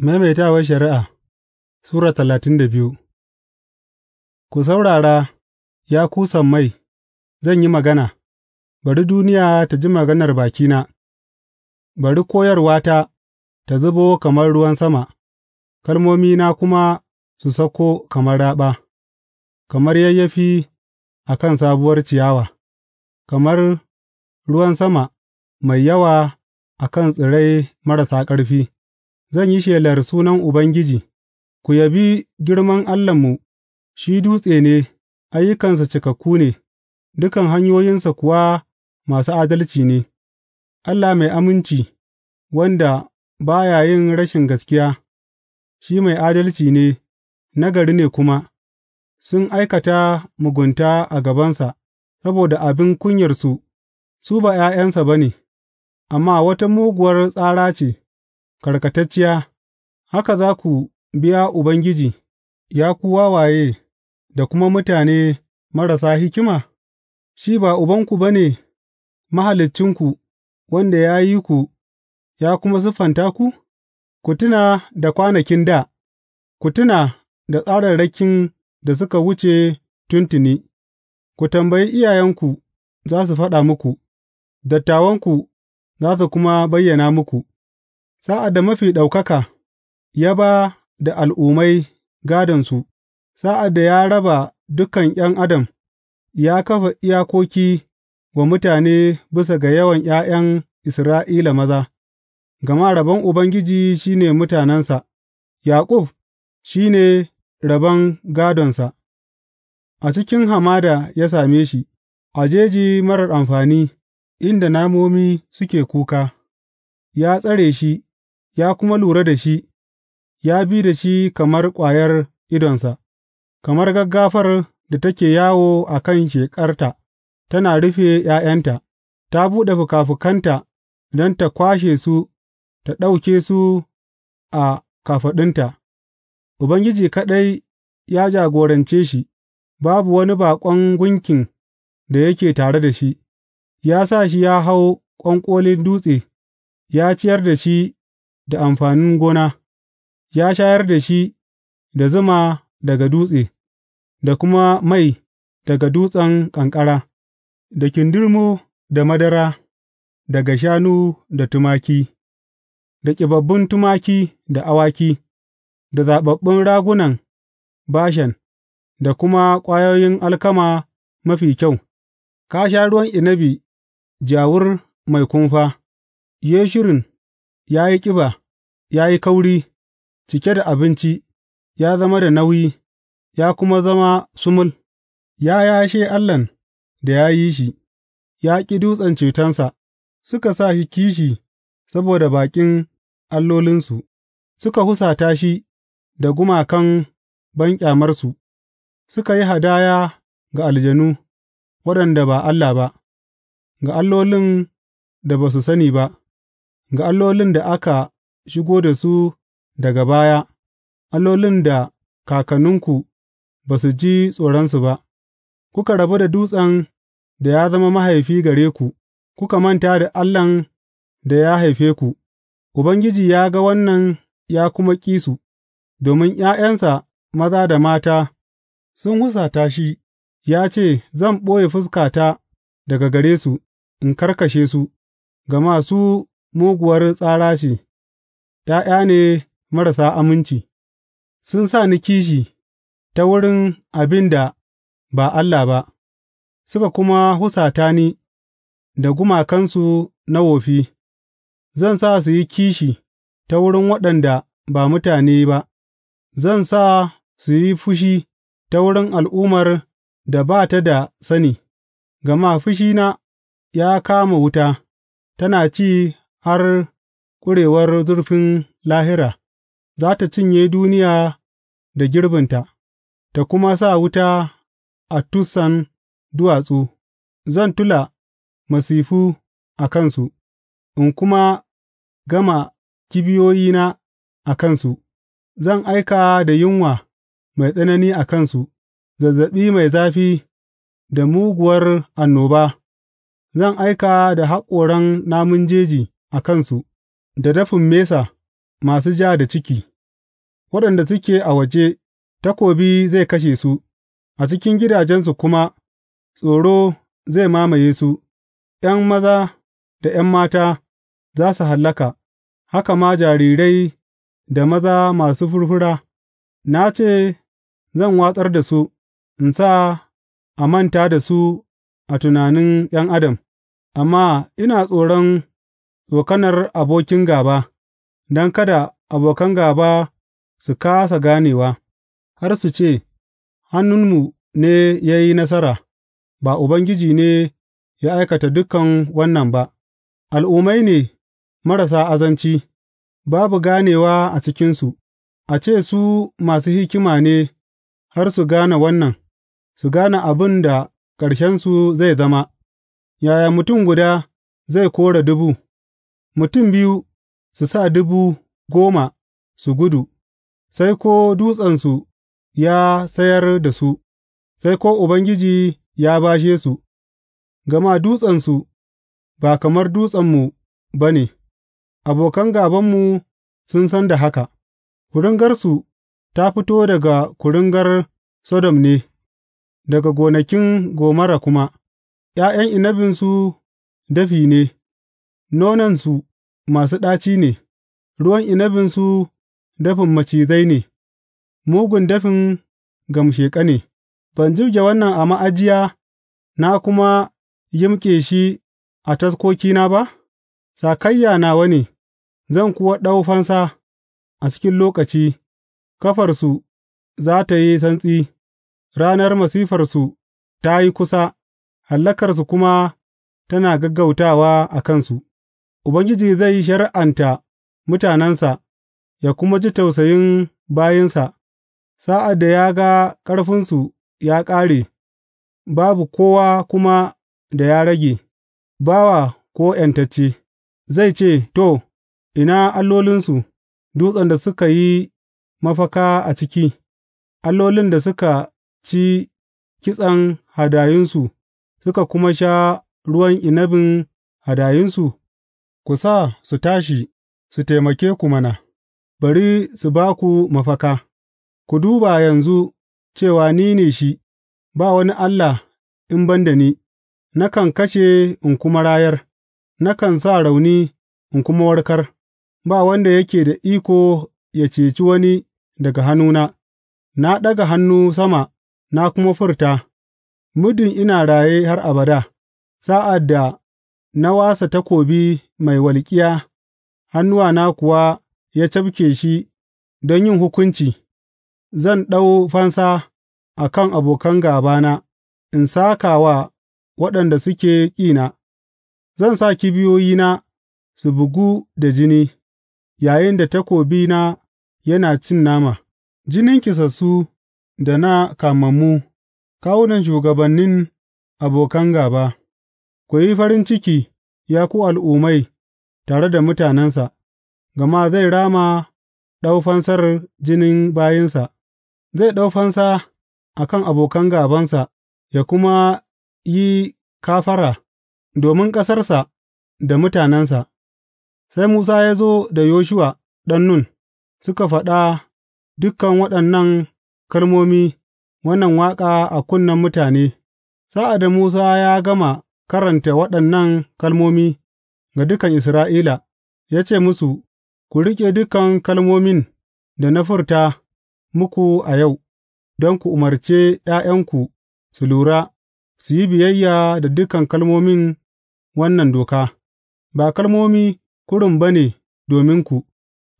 Maimaitawar Shari'a Sura talatin da biyu Ku saurara, ya ku mai zan yi magana, bari duniya ta ji maganar bakina, bari koyarwata ta zubo kamar ruwan sama, Kalmomi na kuma su sako kamar raɓa, kamar yayyafi a kan sabuwar ciyawa, kamar ruwan sama mai yawa a kan tsirai marasa ƙarfi. Zan yi shelar sunan Ubangiji; ku yabi girman Allahnmu, shi dutse ne, ayyukansa cikakku ne, dukan hanyoyinsa kuwa masu adalci ne, Allah mai aminci, wanda ba ya yin rashin gaskiya, shi mai adalci ne, nagari ne kuma; sun aikata mugunta a gabansa, saboda abin kunyarsu su ba ’ya'yansa ba ne, amma wata muguwar tsara ce. karkatacciya, haka za ku biya Ubangiji, ya ku wawaye da kuma mutane marasa hikima? Shi ba Ubanku ba ne, Mahaliccinku, wanda ya yi ku ya kuma siffanta ku? Ku tuna da kwanakin dā, ku tuna da tsararrakin da suka wuce tuntuni, ku tambayi iyayenku za su faɗa muku, dattawanku za su kuma bayyana muku. Sa'ad da Mafi Ɗaukaka ya ba da al'ummai gādonsu, sa'ad da ya raba dukan ’yan adam, ya kafa iyakoki wa mutane bisa ga yawan ’ya'yan Isra'ila maza, gama rabon Ubangiji shi ne mutanensa, Yaƙub shi ne rabon gādonsa; a cikin hamada ya same shi, a jeji marar amfani, inda namomi suke kuka, ya tsare shi. ya kuma lura da shi, ya bi da shi kamar ƙwayar idonsa, kamar gaggafar da take yawo a kan shekarta. tana rufe ’ya'yanta, ta buɗe fikafikanta don ta kwashe su, ta ɗauke su a kafaɗunta. Ubangiji kaɗai ya jagorance shi, babu wani baƙon gunkin da yake tare da shi, ya sa shi ya hau ƙwanƙolin dutse, ya ciyar da shi da amfanin gona, ya shayar da shi da zuma daga dutse, da kuma mai daga dutsen ƙanƙara, da kindirmo da madara daga shanu da tumaki, da ƙibabbun tumaki da awaki, da zaɓaɓɓun ragunan Bashan, da kuma ƙwayoyin alkama mafi kyau, ka sha ruwan inabi jawur mai kumfa, shirin. Ya yi ƙiba, ya yi kauri, cike da abinci, ya zama da nauyi, ya kuma zama sumul; ya yashe Allahn da ya yi shi, ya ƙi dutsen cetonsa, suka sa shi kishi saboda baƙin allolinsu, suka husata shi da gumakan banƙyamarsu, suka yi hadaya ga aljanu, waɗanda ba Allah ba, ga allolin da ba su sani ba. ga allolin da aka shigo da su daga baya, allolin da kakanninku ba su ji tsoronsu ba, kuka rabu da dutsen da ya zama mahaifi gare ku, kuka manta da Allahn da ya haife ku, Ubangiji ya ga wannan ya kuma ƙi su, domin ’ya'yansa maza da mata sun husata shi, ya ce, Zan ɓoye fuskata daga gare su, in karkashe su, gama su muguwar tsara ce. ’ya'ya ne marasa aminci; sun sa ni kishi ta wurin abin da ba Allah ba, suka kuma husata ni da gumakansu na wofi; zan sa su yi kishi ta wurin waɗanda ba mutane ba, zan sa su yi fushi ta wurin al'ummar da ba ta da sani, gama fushina ya kama wuta, tana ci har ƙurewar zurfin lahira, za ta cinye duniya da girbinta, ta kuma sa wuta a tussan duwatsu, zan tula masifu a kansu, in kuma gama kibiyoyina a kansu, zan aika da yunwa mai tsanani a kansu, zazzaɓi mai zafi da muguwar annoba, zan aika da haƙoran namun jeji. a kansu, da dafin mesa masu ja da ciki, waɗanda suke a waje, takobi zai kashe su, a cikin gidajensu kuma tsoro zai mamaye su, ’yan maza da ’yan mata za su hallaka, haka ma jarirai da maza masu furfura, na ce zan watsar da su, in sa a manta da su a tunanin ’yan adam, amma ina tsoron. Tsokanar abokin gāba don kada abokan gāba su kāsa ganewa, har su ce, Hannunmu ne ya yi nasara, ba Ubangiji ne ya aikata dukan wannan ba; al'ummai ne marasa azanci, babu ganewa a cikinsu, a ce su masu hikima ne har su gane wannan, su gane abin da ƙarshensu zai zama, yaya mutum guda zai kore dubu? mutum biyu su sa dubu goma su gudu, sai ko dutsensu ya sayar da su, sai ko Ubangiji ya bashe su, gama dutsensu ba kamar dutsenmu ba ne, abokan gābanmu sun san da haka, kuringarsu ta fito daga kuringar Sodom ne, daga gonakin Gomara kuma, ’ya'yan inabinsu dafi ne. nonansu masu ɗaci ne, ruwan inabinsu dafin macizai ne, mugun dafin gamsheƙa ne; ban jibge wannan a ma'ajiya na kuma yimƙe shi a taskokina ba, sakayya nawa ne, zan kuwa ɗau fansa a cikin lokaci; ƙafarsu za tă yi santsi, ranar masifarsu ta yi kusa hallakarsu kuma tana gaggautawa a kansu. Ubangiji zai shari'anta mutanensa ya kuma ji tausayin bayinsa sa'ad da ya ga ƙarfinsu ya ƙare, babu kowa kuma da ya rage, bawa ko ’yantacce, zai ce, To, ina allolinsu, dutsen da suka yi mafaka a ciki, allolin da suka ci kitsen hadayunsu suka kuma sha ruwan inabin hadayunsu? Ku sa su tashi su taimake ku mana, bari su ba ku mafaka; ku duba yanzu cewa ni ne shi, ba wani allah in ban da ni, nakan kashe in kuma rayar, nakan sa rauni in kuma warkar, ba wanda yake da iko ya ceci wani daga hannuna, na ɗaga hannu sama na kuma furta, Muddin ina raye har abada, sa'ad da Na wasa takobi mai walƙiya hannuwana kuwa ya cafke shi don yin hukunci, zan ɗau fansa a kan abokan gābana in sāka wa waɗanda suke ƙina; zan sa kibiyoyina su bugu da jini yayinda takobina yana cin nama, jinin kisassu da na kamammu, kawunan shugabannin abokan gāba. Ku yi farin ciki, ya ku al'ummai, tare da mutanensa, gama zai rama ɗau fansar jinin bayinsa, zai ɗau fansa a kan abokan gābansa ya kuma yi kafara domin ƙasarsa da mutanensa. Sai Musa ya zo da Yoshuwa ɗan Nun, suka faɗa dukan waɗannan kalmomi wannan waƙa a kunnen mutane, sa'ad da Musa ya gama. karanta waɗannan kalmomi ga dukan Isra'ila, ya ce musu, Ku riƙe dukan kalmomin da na furta muku a yau, don ku umarce ’ya'yanku su lura, su yi biyayya da dukan kalmomin wannan doka, ba kalmomi kurum ba ne dominku,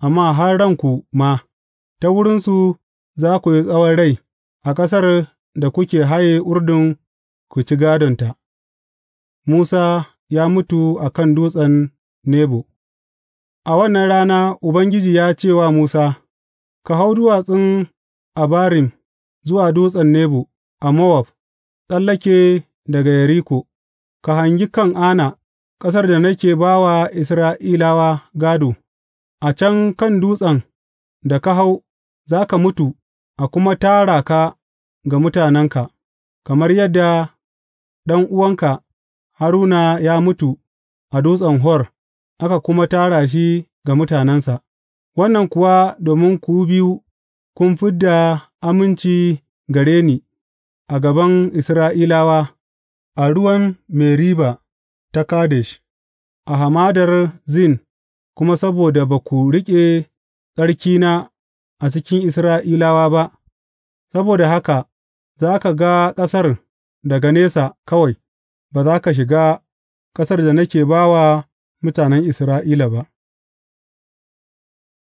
amma har ranku ma, ta wurinsu za ku yi tsawon rai a ƙasar da kuke haye Urdun ku ci gādonta. Musa ya mutu a kan dutsen Nebo A wannan rana Ubangiji ya ce wa Musa, Ka hau duwatsun Abarim zuwa dutsen Nebo a Mowab, tsallake daga Yeriko, ka hangi kan Ana ƙasar da nake ba wa Isra'ilawa gādo, a can kan dutsen da ka hau za ka mutu a kuma tara ka ga mutanenka, kamar yadda ɗan'uwanka Haruna ya mutu a Dutsen Hor aka kuma tara shi ga mutanensa, wannan kuwa domin ku biyu kun fid da aminci gare ni a gaban Isra'ilawa a ruwan Meriba ta Kadesh, a Hamadar Zin, kuma saboda ba ku riƙe tsarkina a cikin Isra'ilawa ba, saboda haka za ka ga ƙasar daga nesa kawai. ba za ka shiga ƙasar da nake ba wa mutanen Isra'ila ba.